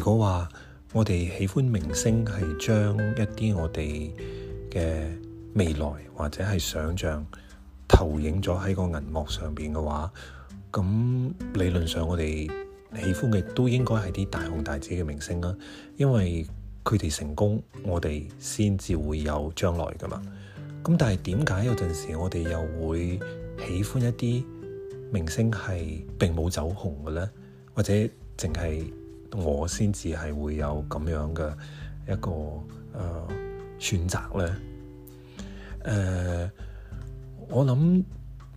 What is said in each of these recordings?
如果話我哋喜歡明星係將一啲我哋嘅未來或者係想象投影咗喺個銀幕上邊嘅話，咁理論上我哋喜歡嘅都應該係啲大紅大紫嘅明星啦，因為佢哋成功，我哋先至會有將來㗎嘛。咁但係點解有陣時我哋又會喜歡一啲明星係並冇走紅嘅呢？或者淨係？我先至係會有咁樣嘅一個誒、呃、選擇咧。誒、呃，我諗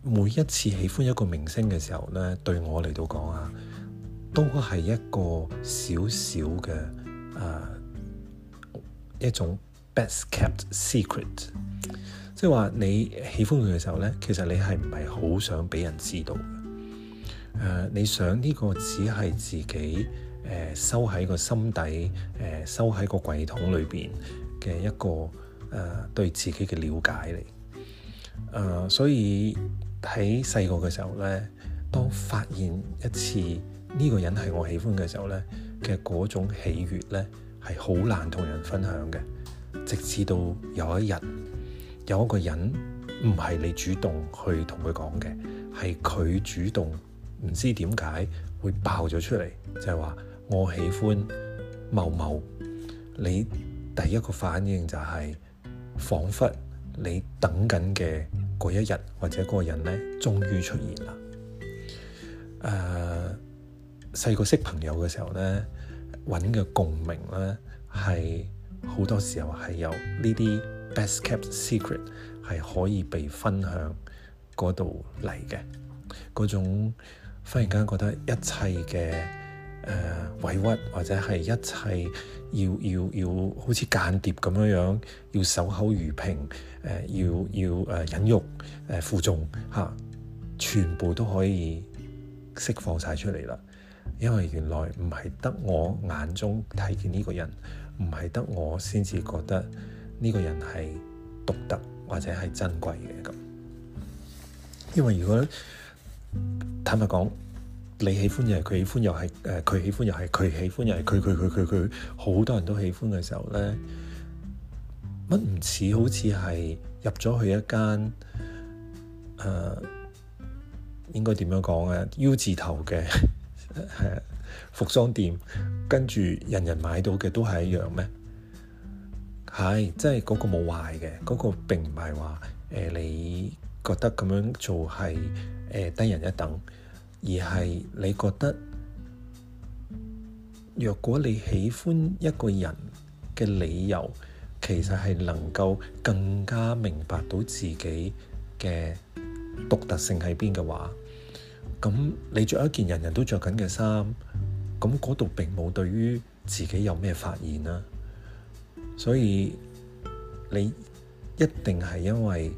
每一次喜歡一個明星嘅時候咧，對我嚟到講啊，都係一個小小嘅誒、呃、一種 best kept secret，即係話你喜歡佢嘅時候咧，其實你係唔係好想俾人知道？誒、呃，你想呢個只係自己。誒、呃、收喺個心底，誒、呃、收喺個櫃桶裏邊嘅一個誒、呃、對自己嘅了解嚟，誒、呃、所以喺細個嘅時候咧，當發現一次呢、這個人係我喜歡嘅時候咧嘅嗰種喜悅咧係好難同人分享嘅，直至到有一日有一個人唔係你主動去同佢講嘅，係佢主動唔知點解會爆咗出嚟，就係、是、話。我喜歡某某，你第一個反應就係、是、彷彿你等緊嘅嗰一日或者嗰個人呢，終於出現啦。誒、呃、細個識朋友嘅時候呢，揾嘅共鳴呢，係好多時候係由呢啲 best kept secret 係可以被分享嗰度嚟嘅嗰種，忽然間覺得一切嘅。呃、委屈或者係一切要要要，要好似間諜咁樣要守口如瓶、呃、要要誒忍辱負重全部都可以釋放晒出嚟啦。因為原來唔係得我眼中睇見呢個人，唔係得我先至覺得呢個人係獨特或者係珍貴嘅咁。因為如果坦白講，你喜歡又係佢喜歡又係，誒佢喜歡又係佢喜歡又係佢佢佢佢佢好多人都喜歡嘅時候咧，乜唔似好似係入咗去一間誒、呃、應該點樣講咧 U 字頭嘅、 啊、服裝店，跟住人人買到嘅都係一樣咩？係，即係嗰個冇壞嘅，嗰、嗰個並唔係話誒你覺得咁樣做係誒低人一等。而係你覺得，若果你喜歡一個人嘅理由，其實係能夠更加明白到自己嘅獨特性喺邊嘅話，咁你着一件人人都着緊嘅衫，咁嗰度並冇對於自己有咩發現啦、啊。所以你一定係因為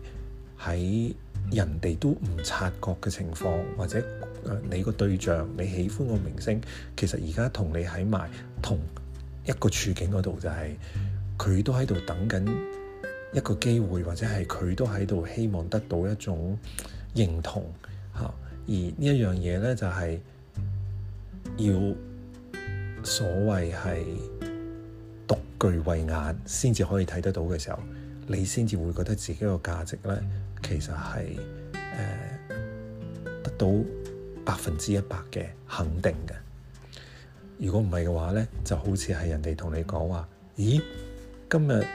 喺人哋都唔察覺嘅情況，或者你個對象，你喜歡個明星，其實而家同你喺埋同一個處境嗰度，就是，就係佢都喺度等緊一個機會，或者係佢都喺度希望得到一種認同嚇。而呢一樣嘢呢，就係、是，要所謂係獨具慧眼先至可以睇得到嘅時候，你先至會覺得自己個價值呢。其實係誒、呃、得到百分之一百嘅肯定嘅。如果唔係嘅話咧，就好似係人哋同你講話，咦，今日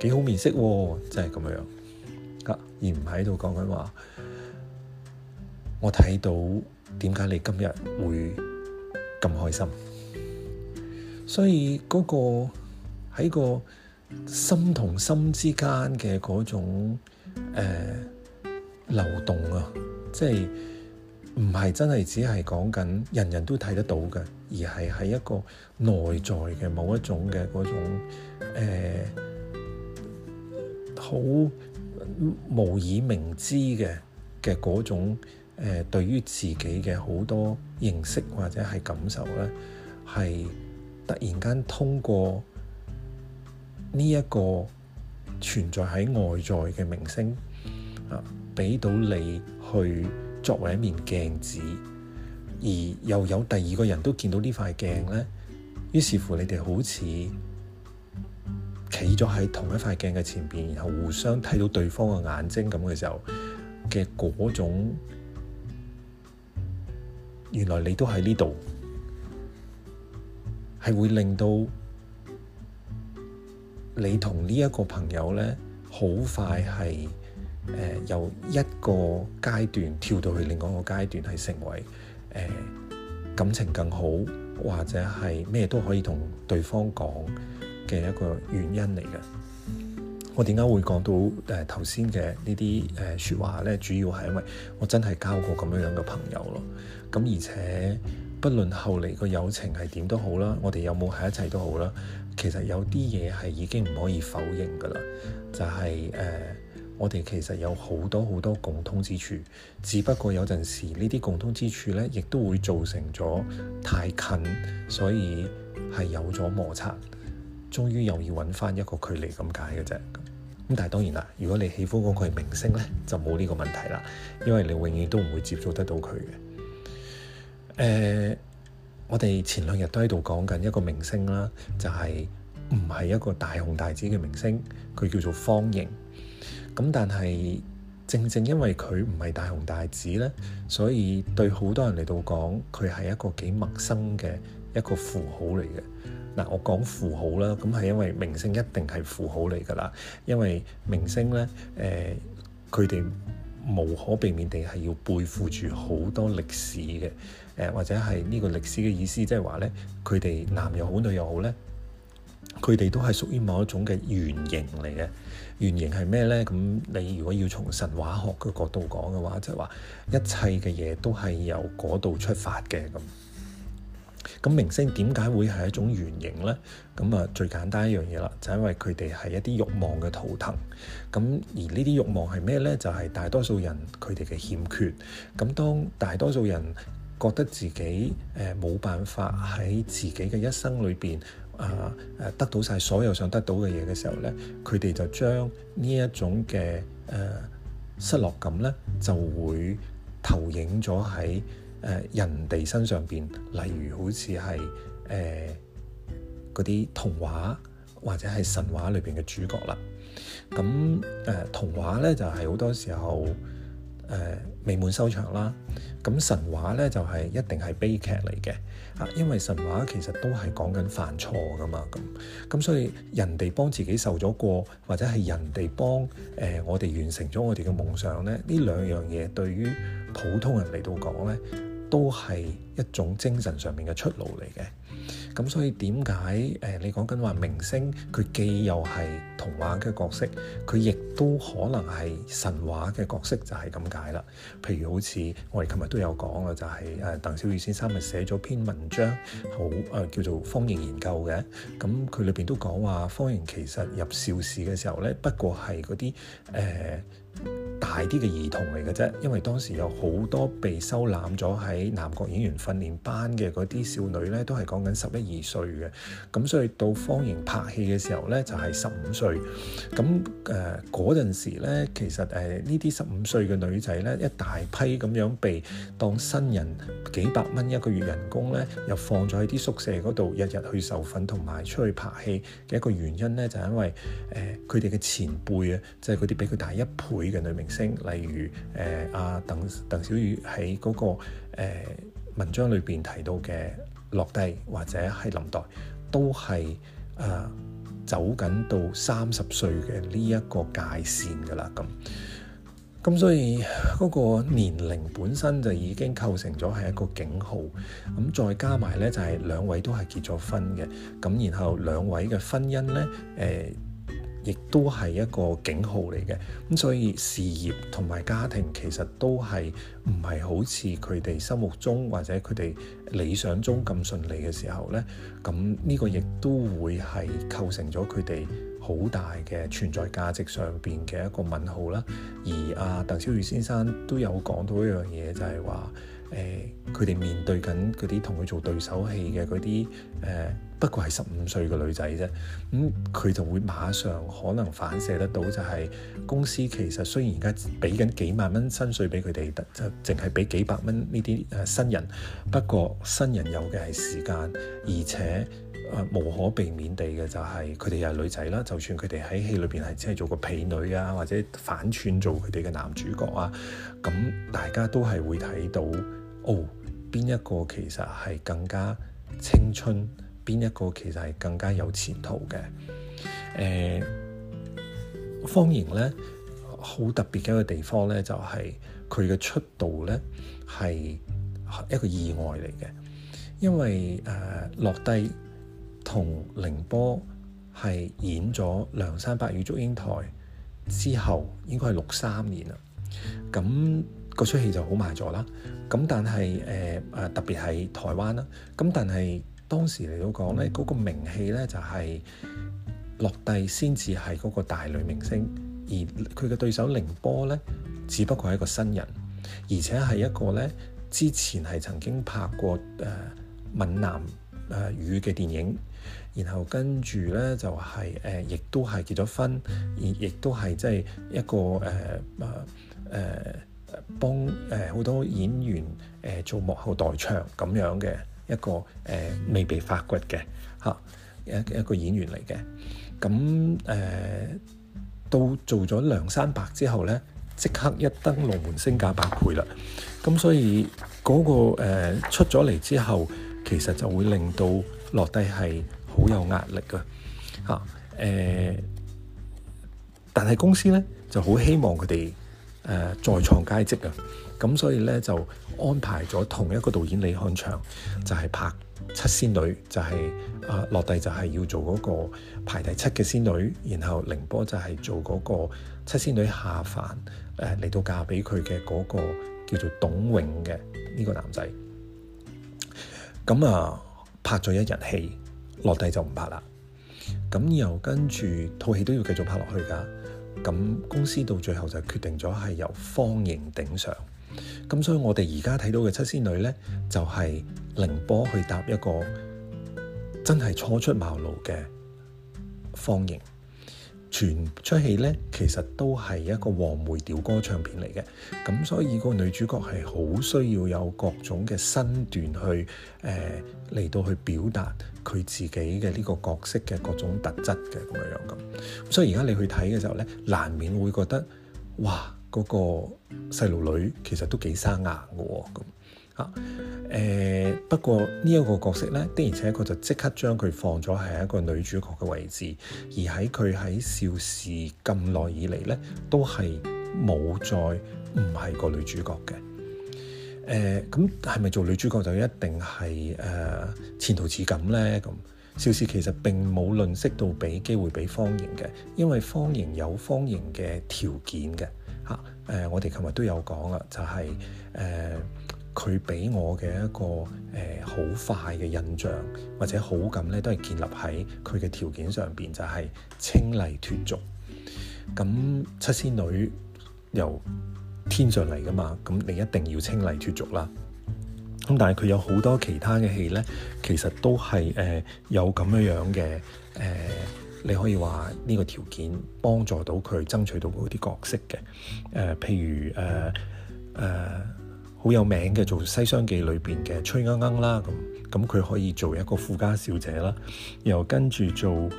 幾好面色喎，即係咁樣。啊，而唔喺度講緊話，我睇到點解你今日會咁開心。所以嗰、嗰個喺個心同心之間嘅嗰種。誒，流動、呃、啊，即係唔係真係只係講緊人人都睇得到嘅，而係喺一個內在嘅某一種嘅嗰種誒，好、呃、無以名之嘅嘅嗰種誒、呃，對於自己嘅好多認識或者係感受咧，係突然間通過呢、這、一個。存在喺外在嘅明星啊，畀到你去作為一面鏡子，而又有第二個人都見到呢塊鏡咧，於是乎你哋好似企咗喺同一塊鏡嘅前邊，然後互相睇到對方嘅眼睛咁嘅時候嘅嗰種，原來你都喺呢度，係會令到。你同呢一個朋友咧，好快係誒由一個階段跳到去另外一個階段，係成為誒、呃、感情更好，或者係咩都可以同對方講嘅一個原因嚟嘅。我點解會講到誒頭先嘅呢啲誒説話咧？主要係因為我真係交過咁樣樣嘅朋友咯。咁而且，不論後嚟個友情係點都好啦，我哋有冇喺一齊都好啦。其實有啲嘢係已經唔可以否認噶啦，就係、是、誒、呃，我哋其實有好多好多共通之處，只不過有陣時呢啲共通之處咧，亦都會造成咗太近，所以係有咗摩擦，終於又要揾翻一個距離咁解嘅啫。咁但係當然啦，如果你喜歡嗰個係明星咧，就冇呢個問題啦，因為你永遠都唔會接觸得到佢嘅。誒、呃。我哋前兩日都喺度講緊一個明星啦，就係唔係一個大紅大紫嘅明星，佢叫做方盈。咁但係正正因為佢唔係大紅大紫咧，所以對好多人嚟到講，佢係一個幾陌生嘅一個符號嚟嘅。嗱，我講符號啦，咁係因為明星一定係符號嚟噶啦，因為明星咧，誒、佢哋。無可避免地係要背負住好多歷史嘅，誒、呃、或者係呢個歷史嘅意思，即係話咧，佢哋男又好女又好咧，佢哋都係屬於某一種嘅原型嚟嘅。原型係咩咧？咁你如果要從神話學嘅角度講嘅話，即係話一切嘅嘢都係由嗰度出發嘅咁。咁明星點解會係一種原型呢？咁啊，最簡單一樣嘢啦，就係、因為佢哋係一啲慾望嘅圖騰。咁而呢啲慾望係咩呢？就係、係、大多數人佢哋嘅欠缺。咁當大多數人覺得自己誒冇、呃、辦法喺自己嘅一生裏邊啊誒得到晒所有想得到嘅嘢嘅時候呢，佢哋就將呢一種嘅誒、呃、失落感呢，就會投影咗喺誒、呃、人哋身上邊，例如好似係誒嗰啲童話或者係神話裏邊嘅主角啦。咁、啊、誒童話咧就係、是、好多時候誒、啊、未滿收場啦。咁、啊、神話咧就係、是、一定係悲劇嚟嘅啊，因為神話其實都係講緊犯錯㗎嘛。咁咁所以人哋幫自己受咗過，或者係人哋幫誒、呃、我哋完成咗我哋嘅夢想咧，呢兩樣嘢對於普通人嚟到講咧，都係一種精神上面嘅出路嚟嘅，咁所以點解誒？你講緊話明星佢既又係童話嘅角色，佢亦都可能係神話嘅角色就，就係咁解啦。譬如好似我哋琴日都有講嘅，就係誒鄧小宇先生咪寫咗篇文章，好誒叫做《方盈研究》嘅，咁佢裏邊都講話方盈其實入邵氏嘅時候咧，不過係嗰啲誒。呃大啲嘅兒童嚟嘅啫，因為當時有好多被收攬咗喺南國演員訓練班嘅嗰啲少女咧，都係講緊十一二歲嘅，咁所以到方盈拍戲嘅時候咧，就係十五歲。咁誒嗰陣時咧，其實誒、呃、呢啲十五歲嘅女仔咧，一大批咁樣被當新人，幾百蚊一個月人工咧，又放咗喺啲宿舍嗰度，日日去受訓同埋出去拍戲嘅一個原因咧，就係、因為誒佢哋嘅前輩啊，即係嗰啲比佢大一倍嘅女明星，例如誒阿鄧鄧小宇喺嗰個誒文章裏邊提到嘅樂蒂，或者係林黛，都係誒走緊到三十歲嘅呢一個界線噶啦咁。咁所以嗰個年齡本身就已經構成咗係一個警號。咁再加埋咧，就係兩位都係結咗婚嘅。咁然後兩位嘅婚姻咧誒。亦都係一個警號嚟嘅，咁所以事業同埋家庭其實都係唔係好似佢哋心目中或者佢哋理想中咁順利嘅時候呢。咁呢個亦都會係構成咗佢哋好大嘅存在價值上面嘅一個問號啦。而阿、啊、鄧小宇先生都有講到一樣嘢，就係、是、話。誒，佢哋、呃、面對緊嗰啲同佢做對手戲嘅嗰啲誒，不過係十五歲嘅女仔啫。咁、嗯、佢就會馬上可能反射得到、就是，就係公司其實雖然而家俾緊幾萬蚊薪水俾佢哋，得就淨係俾幾百蚊呢啲誒新人。不過新人有嘅係時間，而且。誒、啊、無可避免地嘅就係佢哋又係女仔啦，就算佢哋喺戲裏邊係真係做個婢女啊，或者反串做佢哋嘅男主角啊，咁、啊、大家都係會睇到，哦，邊一個其實係更加青春，邊一個其實係更加有前途嘅。誒、欸，方盈呢，好特別嘅一個地方呢，就係佢嘅出道呢係一個意外嚟嘅，因為誒、呃、落低。同凌波係演咗《梁山伯與祝英台》之後，應該係六三年啦。咁個出戲就好賣咗啦。咁但係誒誒特別係台灣啦。咁但係當時嚟到講咧，嗰、那個名氣咧就係、是、樂蒂先至係嗰個大女明星，而佢嘅對手凌波咧，只不過係一個新人，而且係一個咧之前係曾經拍過誒、呃、閩南誒語嘅電影。然後跟住咧就係、是、誒、呃，亦都係結咗婚，亦都係即係一個誒啊誒，幫誒好多演員誒、呃、做幕後代唱咁樣嘅一個誒、呃、未被發掘嘅嚇一一個演員嚟嘅。咁、嗯、誒、呃、到做咗梁山伯之後咧，即刻一登龍門，升價百倍啦。咁、嗯、所以嗰、這個、呃、出咗嚟之後，其實就會令到落低係。好有壓力㗎吓，誒、啊欸，但係公司咧就好希望佢哋誒再創佳績啊！咁所以咧就安排咗同一個導演李漢祥，就係、是、拍七仙女，就係啊樂蒂就係要做嗰個排第七嘅仙女，然後凌波就係做嗰個七仙女下凡，誒、啊、嚟到嫁俾佢嘅嗰個叫做董永嘅呢個男仔。咁啊，拍咗一日戲。落地就唔拍啦，咁又跟住套戲都要繼續拍落去噶，咁公司到最後就決定咗係由方盈頂上，咁所以我哋而家睇到嘅七仙女咧就係、是、凌波去搭一個真係初出茅廬嘅方盈。全出戲咧，其實都係一個黃梅調歌唱片嚟嘅，咁所以個女主角係好需要有各種嘅身段去，誒、呃、嚟到去表達佢自己嘅呢個角色嘅各種特質嘅咁樣樣咁。所以而家你去睇嘅時候咧，難免會覺得，哇，嗰個細路女其實都幾生硬嘅喎咁。啊！不過呢一個角色呢，的而且確就即刻將佢放咗喺一個女主角嘅位置，而喺佢喺邵氏咁耐以嚟呢，都係冇再唔係個女主角嘅。誒，咁係咪做女主角就一定係誒、呃、前途似錦呢？咁邵氏其實並冇吝嗇到俾機會俾方盈嘅，因為方盈有方盈嘅條件嘅嚇。誒、啊啊，我哋琴日都有講啦，就係、是、誒。呃佢俾我嘅一個誒好、呃、快嘅印象或者好感咧，都係建立喺佢嘅條件上面，就係、是、清麗脫俗。咁七仙女由天上嚟㗎嘛，咁你一定要清麗脫俗啦。咁但係佢有好多其他嘅戲咧，其實都係誒、呃、有咁樣樣嘅誒，你可以話呢個條件幫助到佢爭取到嗰啲角色嘅誒、呃，譬如誒誒。呃呃好有名嘅做西商鷹鷹《西廂記》裏邊嘅崔鶯鶯啦，咁咁佢可以做一個富家小姐啦，又跟住做誒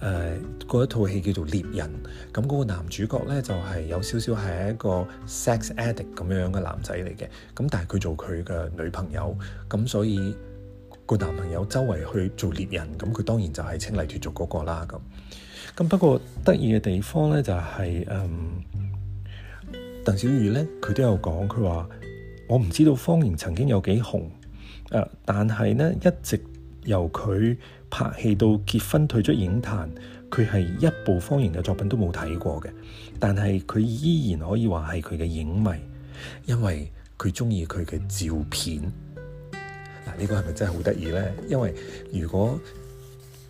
誒嗰一套戲叫做《獵人》，咁嗰個男主角咧就係、是、有少少係一個 sex addict 咁樣樣嘅男仔嚟嘅，咁但係佢做佢嘅女朋友，咁所以個男朋友周圍去做獵人，咁佢當然就係清麗脫俗嗰個啦，咁咁不過得意嘅地方咧就係、是、嗯。鄧小如呢，佢都有講，佢話我唔知道方盈曾經有幾紅，啊、但係呢，一直由佢拍戲到結婚退出影壇，佢係一部方盈嘅作品都冇睇過嘅，但係佢依然可以話係佢嘅影迷，因為佢鍾意佢嘅照片。嗱、啊，呢個係咪真係好得意呢？因為如果、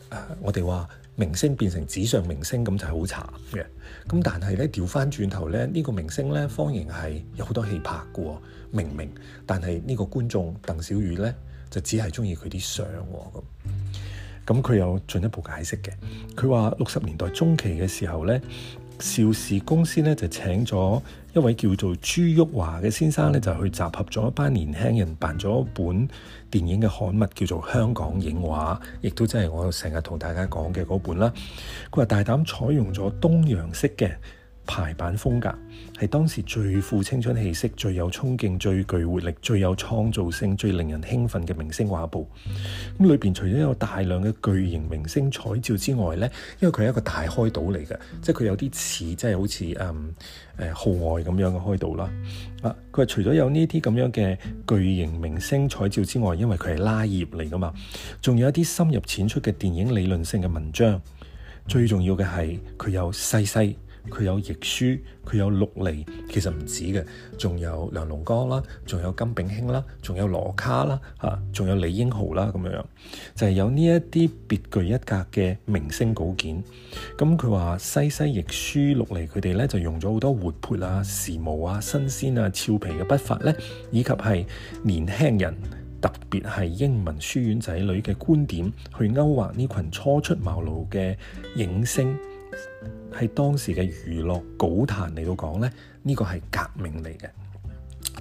啊、我哋話。明星變成紙上明星，咁就係好慘嘅。咁但係咧，調翻轉頭咧，呢個明星咧，方盈係有好多戲拍嘅明明，但係呢個觀眾鄧小雨咧就只係中意佢啲相咁。咁佢有進一步解釋嘅，佢話六十年代中期嘅時候咧。邵氏公司咧就請咗一位叫做朱旭華嘅先生咧，就去集合咗一班年輕人，辦咗一本電影嘅刊物，叫做《香港影畫》，亦都真係我成日同大家講嘅嗰本啦。佢話大膽採用咗東洋式嘅。排版風格係當時最富青春氣息、最有衝勁、最具活力、最有創造性、最令人興奮嘅明星畫報。咁裏邊除咗有大量嘅巨型明星彩照之外呢，因為佢係一個大開度嚟嘅，即係佢有啲似即係好似嗯誒、呃、號外咁樣嘅開度啦。啊，佢係除咗有呢啲咁樣嘅巨型明星彩照之外，因為佢係拉頁嚟噶嘛，仲有一啲深入淺出嘅電影理論性嘅文章。最重要嘅係佢有細細。佢有亦舒，佢有陸離，其實唔止嘅，仲有梁龍江啦，仲有金炳興啦，仲有羅卡啦，嚇、啊，仲有李英豪啦，咁樣，就係、是、有呢一啲別具一格嘅明星稿件。咁佢話西西亦舒、陸離，佢哋咧就用咗好多活潑啊、時髦啊、新鮮啊、俏皮嘅筆法咧，以及係年輕人，特別係英文書院仔女嘅觀點去勾畫呢群初出茅廬嘅影星。係當時嘅娛樂稿壇嚟到講咧，呢個係革命嚟嘅。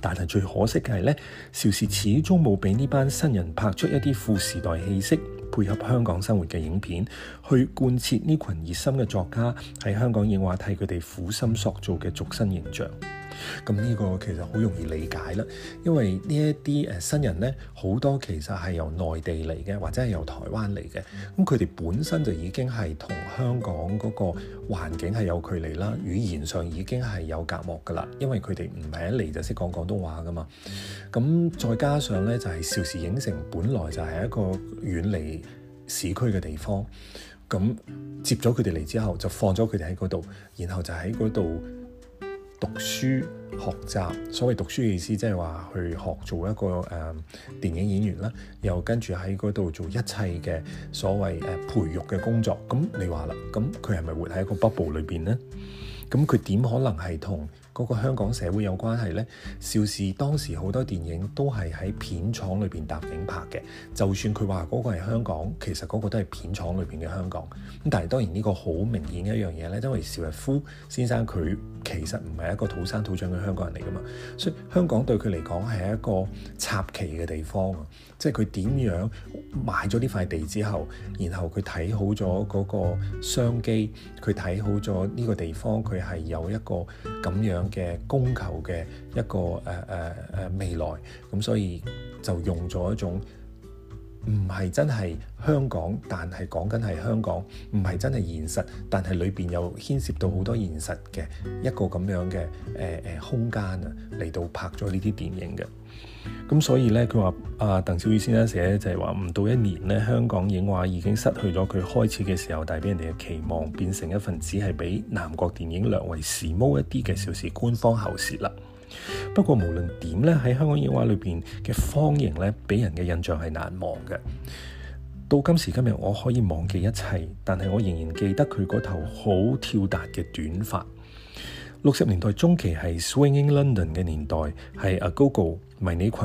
但係最可惜嘅係咧，邵氏始終冇俾呢班新人拍出一啲富時代氣息。配合香港生活嘅影片，去貫徹呢群熱心嘅作家喺香港影畫替佢哋苦心塑造嘅逐新形象。咁呢個其實好容易理解啦，因為呢一啲誒新人呢，好多其實係由內地嚟嘅，或者係由台灣嚟嘅。咁佢哋本身就已經係同香港嗰個環境係有距離啦，語言上已經係有隔膜噶啦，因為佢哋唔係一嚟就識講廣東話噶嘛。咁再加上呢，就係邵氏影城本來就係一個遠離市區嘅地方，咁接咗佢哋嚟之後，就放咗佢哋喺嗰度，然後就喺嗰度讀書學習。所謂讀書嘅意思，即係話去學做一個誒、呃、電影演員啦，又跟住喺嗰度做一切嘅所謂誒培育嘅工作。咁你話啦，咁佢係咪活喺一個 bubble 裏邊咧？咁佢點可能係同？嗰個香港社會有關係呢？邵氏當時好多電影都係喺片廠裏邊搭景拍嘅。就算佢話嗰個係香港，其實嗰個都係片廠裏邊嘅香港。咁但係當然呢個好明顯嘅一樣嘢呢，因為邵逸夫先生佢其實唔係一個土生土長嘅香港人嚟㗎嘛，所以香港對佢嚟講係一個插旗嘅地方啊。即係佢點樣買咗呢塊地之後，然後佢睇好咗嗰個商機，佢睇好咗呢個地方，佢係有一個咁樣嘅供求嘅一個誒誒誒未來，咁所以就用咗一種唔係真係香港，但係講緊係香港，唔係真係現實，但係裏邊又牽涉到好多現實嘅一個咁樣嘅誒誒空間啊，嚟到拍咗呢啲電影嘅。咁所以咧，佢話阿鄧小宇先生寫就係話，唔到一年咧，香港影畫已經失去咗佢開始嘅時候帶俾人哋嘅期望，變成一份只係比南國電影略為時髦一啲嘅小時官方喉舌啦。不過無論點咧，喺香港影畫裏邊嘅方盈咧，俾人嘅印象係難忘嘅。到今時今日，我可以忘記一切，但係我仍然記得佢嗰頭好跳達嘅短髮。六十年代中期係 Swinging London 嘅年代，係 AgoGo 迷你裙、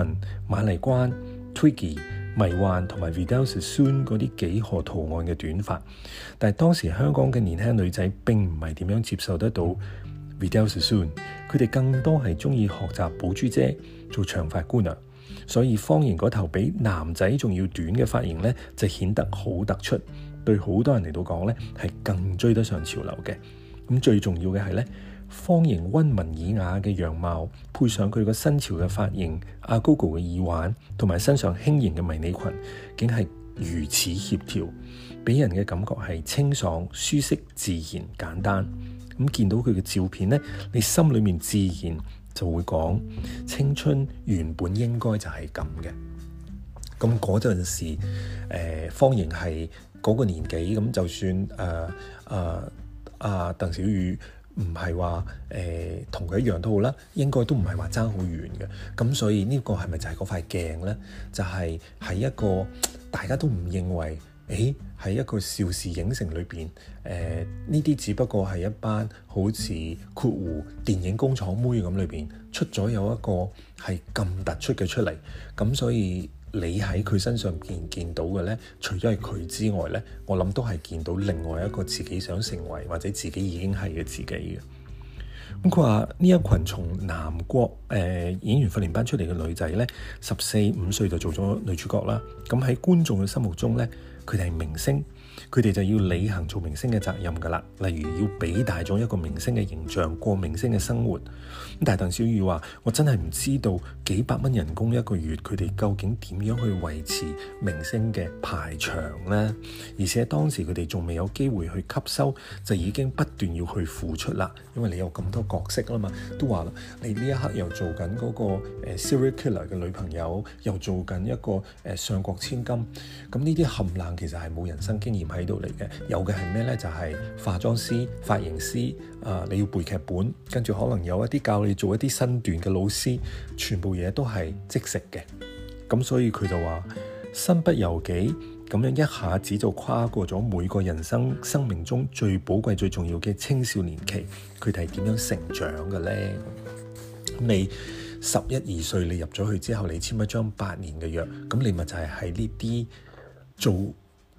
瑪麗關 Twiggy 迷幻同埋 Vidal Sassoon 嗰啲幾何圖案嘅短髮。但係當時香港嘅年輕女仔並唔係點樣接受得到 Vidal Sassoon，佢哋更多係中意學習寶珠姐做長髮姑娘。所以方盈嗰頭比男仔仲要短嘅髮型呢，就顯得好突出。對好多人嚟到講呢，係更追得上潮流嘅。咁最重要嘅係呢。方盈溫文爾雅嘅樣貌，配上佢個新潮嘅髮型、阿哥哥嘅耳環，同埋身上輕盈嘅迷你裙，竟係如此協調，俾人嘅感覺係清爽、舒適、自然、簡單。咁、嗯、見到佢嘅照片呢，你心裏面自然就會講：青春原本應該就係咁嘅。咁嗰陣時、呃，方盈係嗰個年紀，咁、嗯、就算誒誒阿鄧小雨。唔係話誒同佢一樣都好啦，應該都唔係話爭好遠嘅。咁所以呢個係咪就係嗰塊鏡呢？就係、是、喺一個大家都唔認為，誒、欸、喺一個邵氏影城裏邊，誒呢啲只不過係一班好似括弧電影工廠妹咁裏邊出咗有一個係咁突出嘅出嚟。咁所以。你喺佢身上面見、見到嘅呢，除咗係佢之外呢，我諗都係見到另外一個自己想成為或者自己已經係嘅自己嘅。咁佢話呢一群從南國誒、呃、演員訓練班出嚟嘅女仔呢，十四五歲就做咗女主角啦。咁喺觀眾嘅心目中呢。佢哋係明星，佢哋就要履行做明星嘅責任㗎啦。例如要俾大眾一個明星嘅形象，過明星嘅生活。但係鄧小雨話，我真係唔知道幾百蚊人工一個月，佢哋究竟點樣去維持明星嘅排場咧？而且當時佢哋仲未有機會去吸收，就已經不斷要去付出啦。因為你有咁多角色啦嘛，都話你呢一刻又做緊個誒 Serial Killer 嘅女朋友，又做緊一個誒上國千金。咁呢啲冚 𠾴𠾴，其實係冇人生經驗喺度嚟嘅，有嘅係咩呢？就係化妝師、髮型師，啊、呃，你要背劇本，跟住可能有一啲教你做一啲身段嘅老師，全部嘢都係即食嘅。咁所以佢就話身不由己，咁樣一下子就跨過咗每個人生生命中最寶貴、最重要嘅青少年期，佢哋係點樣成長嘅呢？你十一二歲，你入咗去之後，你簽一張八年嘅約，咁你咪就係喺呢啲做。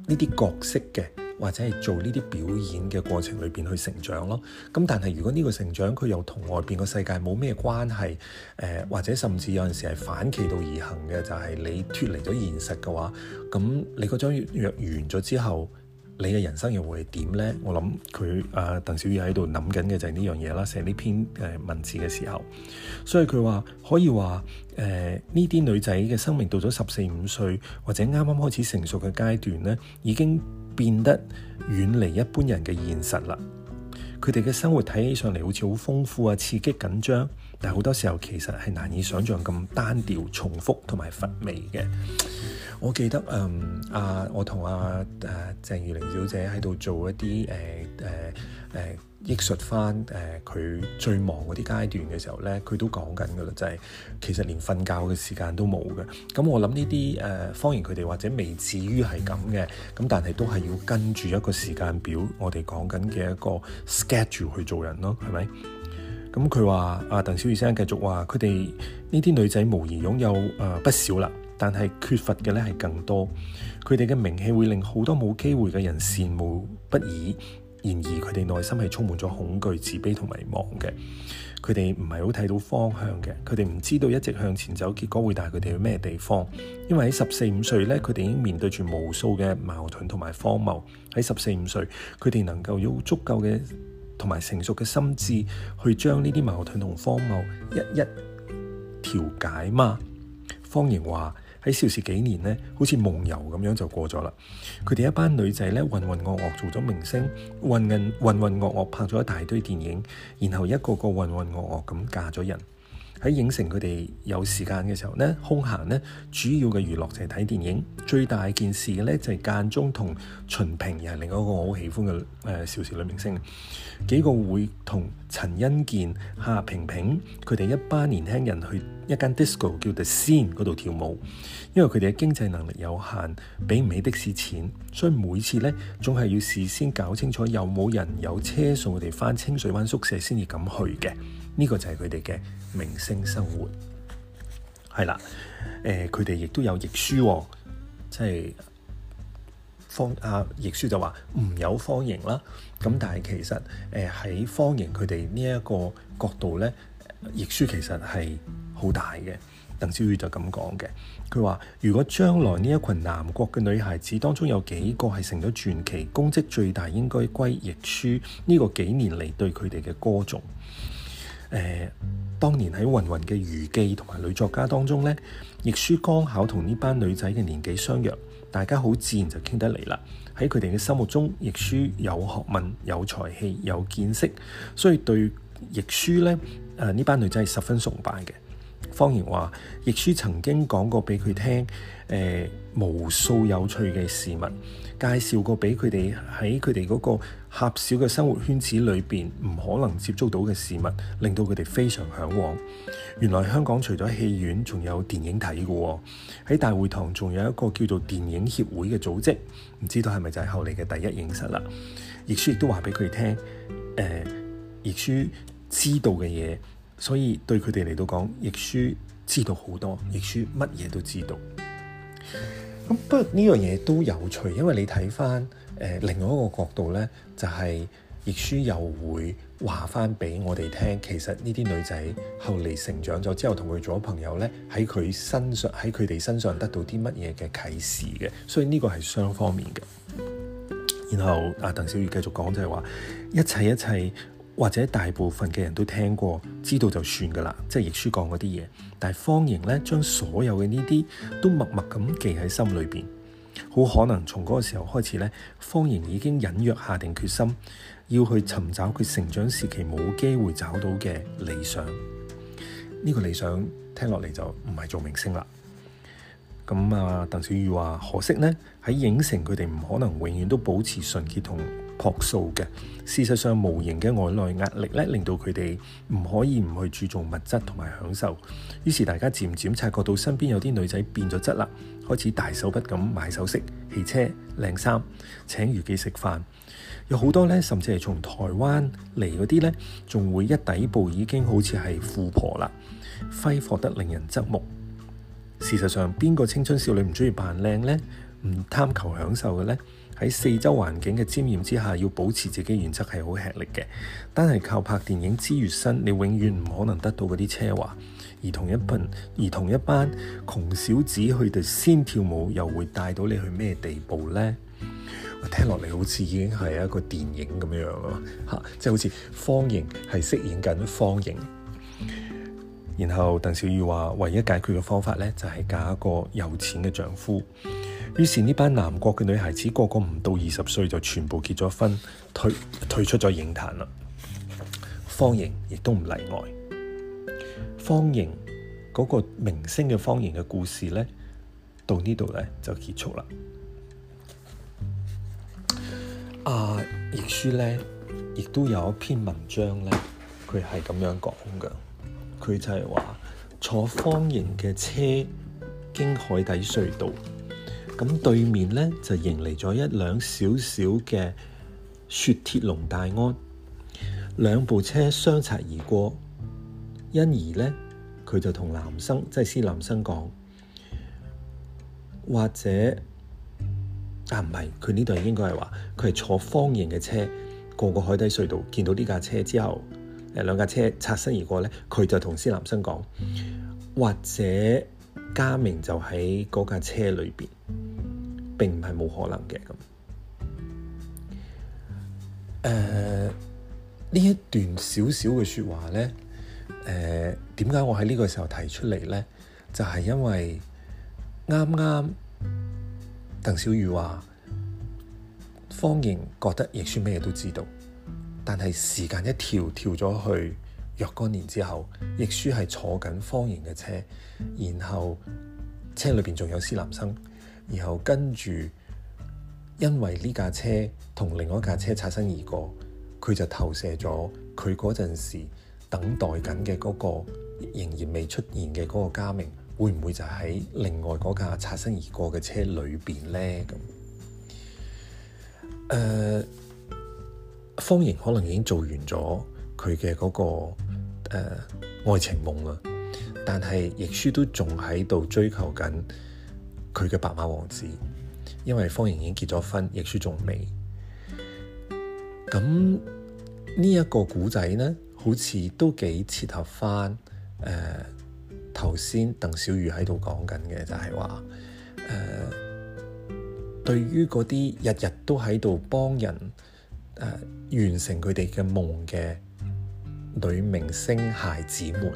呢啲角色嘅，或者係做呢啲表演嘅過程裏邊去成長咯。咁但係如果呢個成長佢又同外邊個世界冇咩關係，誒、呃、或者甚至有陣時係反其道而行嘅，就係、是、你脱離咗現實嘅話，咁你嗰張藥約完咗之後。你嘅人生又會係點呢？我諗佢啊，鄧小宇喺度諗緊嘅就係呢樣嘢啦，寫呢篇誒文字嘅時候，所以佢話可以話誒呢啲女仔嘅生命到咗十四五歲或者啱啱開始成熟嘅階段咧，已經變得遠離一般人嘅現實啦。佢哋嘅生活睇起上嚟好似好豐富啊、刺激、緊張。但係好多時候其實係難以想像咁單調、重複同埋乏味嘅。我記得誒、嗯、啊，我同阿誒鄭裕玲小姐喺度做一啲誒誒誒憶述返誒佢最忙嗰啲階段嘅時候咧，佢都講緊噶啦，就係、是、其實連瞓覺嘅時間都冇嘅。咁我諗呢啲誒，當然佢哋或者未至於係咁嘅，咁但係都係要跟住一個時間表，我哋講緊嘅一個 schedule 去做人咯，係咪？咁佢話，阿鄧小雨先生繼續話，佢哋呢啲女仔無疑擁有誒、呃、不少啦，但係缺乏嘅咧係更多。佢哋嘅名氣會令好多冇機會嘅人羨慕不已，然而佢哋內心係充滿咗恐懼、自卑同迷茫嘅。佢哋唔係好睇到方向嘅，佢哋唔知道一直向前走，結果會帶佢哋去咩地方？因為喺十四五歲咧，佢哋已經面對住無數嘅矛盾同埋荒謬。喺十四五歲，佢哋能夠有足夠嘅，同埋成熟嘅心智去將呢啲矛盾同荒謬一一調解嘛，方盈話喺少時幾年般般呢，好似夢遊咁樣就過咗啦。佢哋一班女仔呢，混混噩噩做咗明星，混混混混噩噩拍咗一大堆電影，然後一個個混混噩噩咁嫁咗人。喺影城，佢哋有時間嘅時候呢，空閒呢，主要嘅娛樂就係睇電影。最大件事嘅呢，就係、是、間中同秦平，又係另一個我好喜歡嘅誒、呃、少少女明星。幾個會同陳欣健、夏萍萍，佢哋一班年輕人去一間 disco 叫 The Scene 嗰度跳舞。因為佢哋嘅經濟能力有限，俾唔起的士錢，所以每次呢，總係要事先搞清楚有冇人有車送佢哋翻清水灣宿舍先至敢去嘅。呢個就係佢哋嘅明星生活係啦。誒，佢哋亦都有亦舒、哦，即係方啊。亦舒就話唔有方盈啦。咁但係其實誒喺、呃、方盈佢哋呢一個角度咧，亦舒其實係好大嘅。鄧小宇就咁講嘅，佢話如果將來呢一群南國嘅女孩子當中有幾個係成咗傳奇，功績最大應該歸亦舒呢、這個幾年嚟對佢哋嘅歌頌。誒、呃，當年喺芸芸嘅娛記同埋女作家當中呢，亦舒剛巧同呢班女仔嘅年紀相若，大家好自然就傾得嚟啦。喺佢哋嘅心目中，亦舒有學問、有才氣、有見識，所以對亦舒呢，呢、呃、班女仔係十分崇拜嘅。方盈話，亦舒曾經講過俾佢聽，誒、呃、無數有趣嘅事物，介紹過俾佢哋喺佢哋嗰個。狹小嘅生活圈子裏邊唔可能接觸到嘅事物，令到佢哋非常嚮往。原來香港除咗戲院，仲有電影睇嘅喎。喺大會堂仲有一個叫做電影協會嘅組織，唔知道係咪就係後嚟嘅第一影室啦。亦舒亦都話俾佢哋聽，誒、呃，亦舒知道嘅嘢，所以對佢哋嚟到講，亦舒知道好多，亦舒乜嘢都知道。咁不過呢樣嘢都有趣，因為你睇翻。誒另外一個角度咧，就係、是、亦舒又會話翻俾我哋聽，其實呢啲女仔後嚟成長咗之後，同佢做咗朋友咧，喺佢身上，喺佢哋身上得到啲乜嘢嘅啟示嘅，所以呢個係雙方面嘅。然後阿鄧小宇繼續講就係、是、話，一切一切或者大部分嘅人都聽過，知道就算噶啦，即係亦舒講嗰啲嘢。但係方盈咧，將所有嘅呢啲都默默咁記喺心裏邊。好可能從嗰個時候開始咧，方盈已經隱約下定決心，要去尋找佢成長時期冇機會找到嘅理想。呢、這個理想聽落嚟就唔係做明星啦。咁啊，鄧小雨話：可惜呢，喺影城佢哋唔可能永遠都保持純潔同樸素嘅事實上，無形嘅外來壓力咧，令到佢哋唔可以唔去注重物質同埋享受。於是大家漸漸察覺到身邊有啲女仔變咗質啦，開始大手筆咁買首飾、汽車、靚衫、請御記食飯。有好多咧，甚至係從台灣嚟嗰啲咧，仲會一底部已經好似係富婆啦，揮霍得令人側目。事實上，邊個青春少女唔中意扮靚呢？唔貪求享受嘅呢？喺四周環境嘅沾染之下，要保持自己原則係好吃力嘅。單係靠拍電影之月薪，你永遠唔可能得到嗰啲奢華。而同一班而同一班窮小子，去到先跳舞，又會帶到你去咩地步呢？聽落嚟好似已經係一個電影咁樣樣咯，嚇、啊！即係好似方盈係飾演緊方盈。然後鄧小雨話：唯一解決嘅方法咧，就係、是、嫁一個有錢嘅丈夫。於是呢班南國嘅女孩子個個唔到二十歲就全部結咗婚，退退出咗影壇啦。方盈亦都唔例外。方盈嗰、那個明星嘅方盈嘅故事咧，到呢度咧就結束啦。阿、啊、亦舒咧亦都有一篇文章咧，佢係咁樣講㗎，佢就係話坐方盈嘅車經海底隧道。咁對面呢，就迎嚟咗一輛小小嘅雪鐵龍大安，兩部車相擦而過，因而呢，佢就同男生即係施南生講，或者，啊唔係佢呢度應該係話佢係坐方形嘅車過個海底隧道，見到呢架車之後，誒兩架車擦身而過呢，佢就同施南生講，或者。家明就喺嗰架車裏邊，並唔係冇可能嘅。咁。誒、呃，呢一段少少嘅說話咧，誒、呃，點解我喺呢個時候提出嚟咧？就係、是、因為啱啱鄧小雨話，方盈覺得亦舒咩都知道，但係時間一調調咗去。若干年之後，亦舒係坐緊方形嘅車，然後車裏邊仲有施南生，然後跟住，因為呢架車同另外一架車擦身而過，佢就投射咗佢嗰陣時等待緊嘅嗰個仍然未出現嘅嗰個嘉明，會唔會就喺另外嗰架擦身而過嘅車裏邊呢？咁，誒，方形可能已經做完咗。佢嘅嗰個誒、呃、愛情夢啊，但係亦舒都仲喺度追求緊佢嘅白馬王子，因為方盈已經結咗婚，亦舒仲未。咁、這個、呢一個古仔咧，好似都幾切合翻誒頭先鄧小宇喺度講緊嘅，就係話誒對於嗰啲日日都喺度幫人誒、呃、完成佢哋嘅夢嘅。女明星孩子們，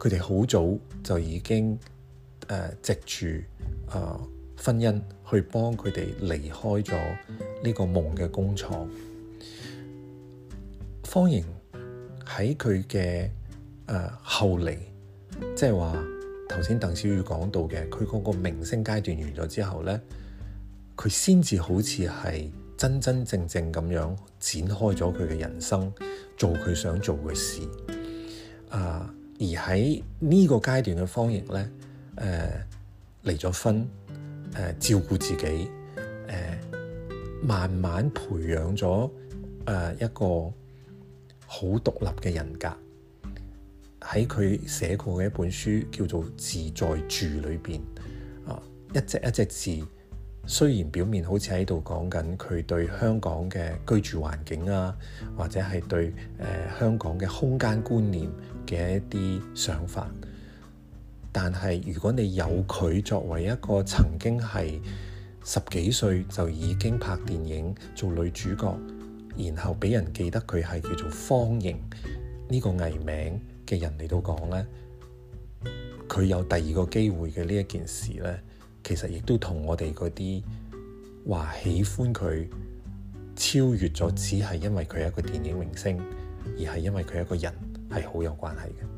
佢哋好早就已經誒、呃、藉住啊、呃、婚姻去幫佢哋離開咗呢個夢嘅工廠。方盈喺佢嘅誒後嚟，即係話頭先鄧小雨講到嘅，佢嗰個明星階段完咗之後咧，佢先至好似係。真真正正咁樣展開咗佢嘅人生，做佢想做嘅事。啊，而喺呢個階段嘅方盈咧，誒、呃，離咗婚，誒、呃，照顧自己，誒、呃，慢慢培養咗誒一個好獨立嘅人格。喺佢寫過嘅一本書叫做《自在住》裏邊，啊，一隻一隻字。雖然表面好似喺度講緊佢對香港嘅居住環境啊，或者係對誒、呃、香港嘅空間觀念嘅一啲想法，但係如果你有佢作為一個曾經係十幾歲就已經拍電影做女主角，然後畀人記得佢係叫做方盈呢個藝名嘅人，嚟到講咧，佢有第二個機會嘅呢一件事咧。其實亦都同我哋嗰啲話喜歡佢超越咗，只係因為佢係一個電影明星，而係因為佢係一個人係好有關係嘅。